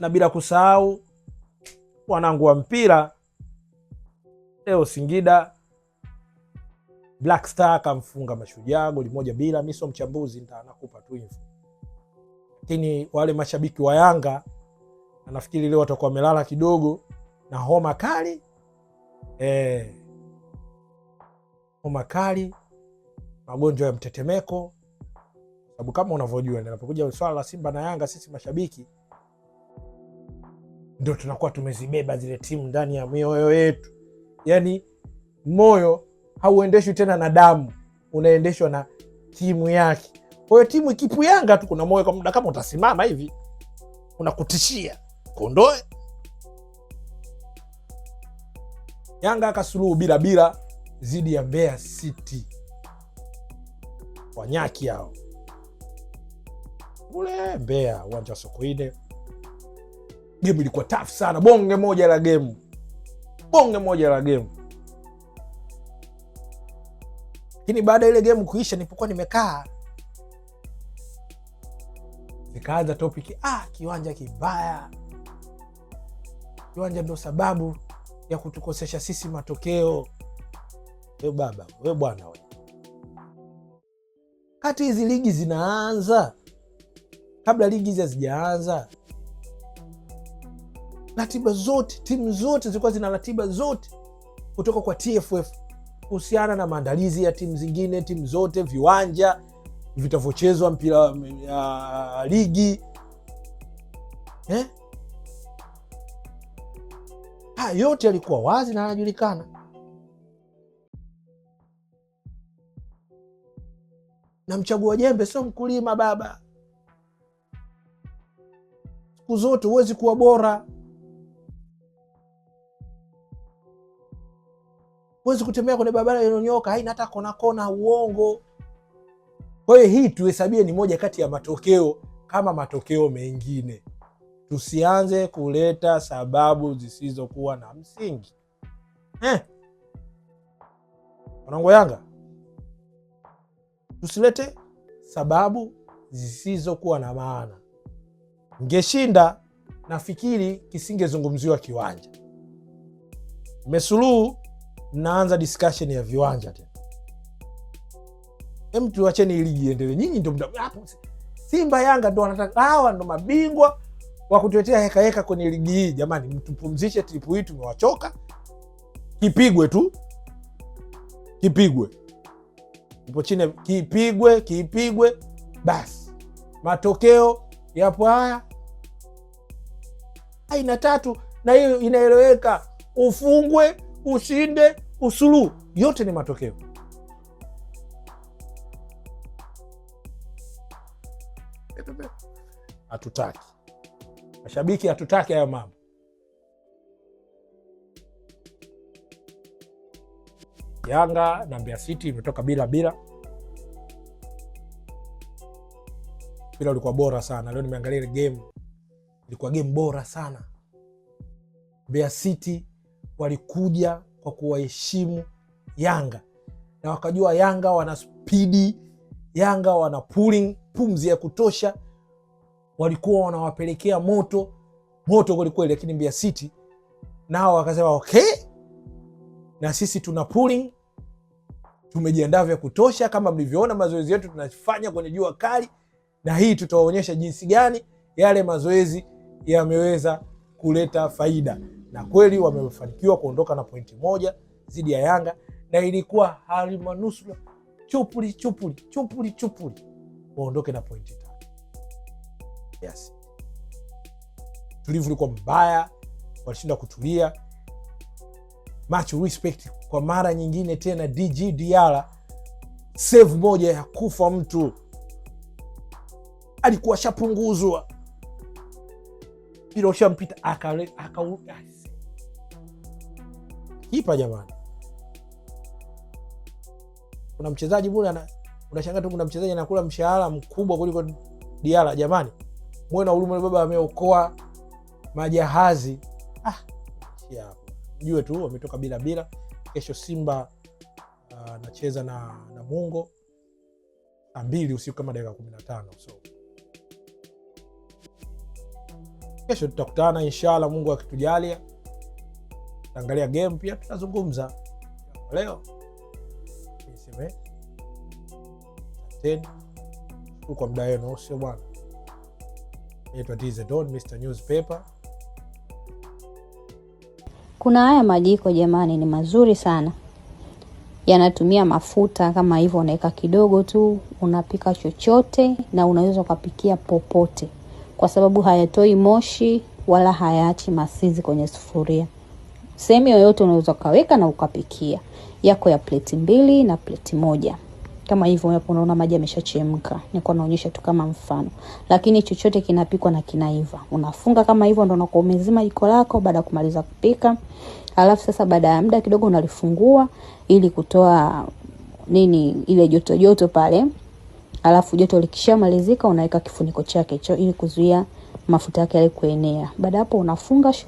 na bila kusahau wanangu wa mpira leo Singida Black Star kamfunga Mashujaa goli moja bila. Mi sio mchambuzi, nitakupa tu info, lakini wale mashabiki wa Yanga nafikiri leo watakuwa wamelala kidogo na homa kali eh, homa kali, magonjwa ya mtetemeko, sababu kama unavyojua, ninapokuja swala la Simba na Yanga, sisi mashabiki ndio tunakuwa tumezibeba zile timu ndani ya mioyo yetu. Yani moyo hauendeshwi tena na damu, unaendeshwa na timu yake. Kwa hiyo timu ikipuyanga tu, kuna moyo kwa muda, kama utasimama hivi, unakutishia kondoe. Yanga akasuluhu bila bila dhidi ya Mbeya City, wanyaki hao kule Mbeya, uwanja wa Sokoine. Gemu ilikuwa tafu sana, bonge moja la gemu, bonge moja la gemu. Lakini baada ya ile gemu kuisha, nilipokuwa nimekaa nikaanza topiki, ah, kiwanja kibaya, kiwanja ndio sababu ya kutukosesha sisi matokeo. We baba, we bwana, we kati hizi ligi zinaanza kabla ligi hizi hazijaanza ratiba zote, timu zote zilikuwa zina ratiba zote kutoka kwa TFF kuhusiana na maandalizi ya timu zingine, timu zote, viwanja vitavyochezwa mpira ya ligi eh? Ha, yote yalikuwa wazi na yanajulikana. Na mchagua jembe sio mkulima baba, siku zote huwezi kuwa bora. Huwezi kutembea kwenye barabara iliyonyooka, haina hata kona kona, uongo. Kwa hiyo hii tuhesabie ni moja kati ya matokeo kama matokeo mengine. Tusianze kuleta sababu zisizokuwa na msingi eh. Wanangu Yanga, tusilete sababu zisizokuwa na maana. Ngeshinda nafikiri kisingezungumziwa kiwanja, mesuluhu naanza discussion ya viwanja tena. Hem, tuacheni ili jiendele. Nyinyi ndio Simba Yanga ndo wanataka, hawa ndo mabingwa wa kutuletea heka heka kwenye ligi hii. Jamani, mtupumzishe tripu hii, tumewachoka. Kipigwe tu, kipigwe ipo chini, kipigwe, kipigwe basi. Matokeo yapo haya aina tatu, na hiyo inaeleweka, ufungwe ushinde usuluhu, yote ni matokeo. Hatutaki mashabiki, hatutaki hayo mambo. Yanga na Mbeya City imetoka bila bila bila, ulikuwa bora sana leo. Nimeangalia ile game, ilikuwa game bora sana. Mbeya City walikuja kwa kuwaheshimu Yanga na wakajua Yanga wana spidi, Yanga wana pulling, pumzi ya kutosha, walikuwa wanawapelekea moto moto kwelikweli, lakini Mbeya City nao wakasema okay, na sisi tuna pulling, tumejiandaa vya kutosha. Kama mlivyoona mazoezi yetu tunafanya kwenye jua kali, na hii tutawaonyesha jinsi gani yale mazoezi yameweza kuleta faida na kweli wamefanikiwa kuondoka na pointi moja dhidi ya Yanga na ilikuwa halimanusura chupuli chupuli chupuli chupuli waondoke na pointi tatu. Yes, tulivu ulikuwa mbaya, walishinda kutulia. Much respect kwa mara nyingine tena DG Diara, save moja ya kufa mtu, alikuwa shapunguzwa bila ushampita kipa jamani. Kuna mchezaji bure unashangaa tu, kuna mchezaji anakula mshahara mkubwa kuliko Diala. Jamani, mwe na huruma, baba ameokoa majahazi. Ah, mjue tu wametoka bila bila. Kesho Simba ah, anacheza uh, na Namungo saa mbili usiku kama dakika kumi na tano so kesho tutakutana inshallah, Mungu akitujalia. Angalia game pia tunazungumza leo, niseme asanteni kwa muda wenu, sio bwana. Naitwa TZ Don Mr Newspaper. Kuna haya majiko jamani, ni mazuri sana, yanatumia mafuta kama hivyo, unaweka kidogo tu, unapika chochote na unaweza ukapikia popote, kwa sababu hayatoi moshi wala hayaachi masizi kwenye sufuria. Sehemu yoyote unaweza ukaweka na ukapikia yako ya pleti mbili na pleti moja kama hivyo hapo. Unaona maji yameshachemka, niko naonyesha tu kama mfano, lakini chochote kinapikwa na kinaiva. Unafunga kama hivyo, ndio unakuwa umezima jiko lako baada ya kumaliza kupika. Alafu sasa, baada ya muda kidogo, unalifungua ili kutoa nini, ile joto joto pale. Alafu joto likishamalizika, unaweka kifuniko chake cho ili kuzuia mafuta yake yale kuenea. Baada hapo, unafunga.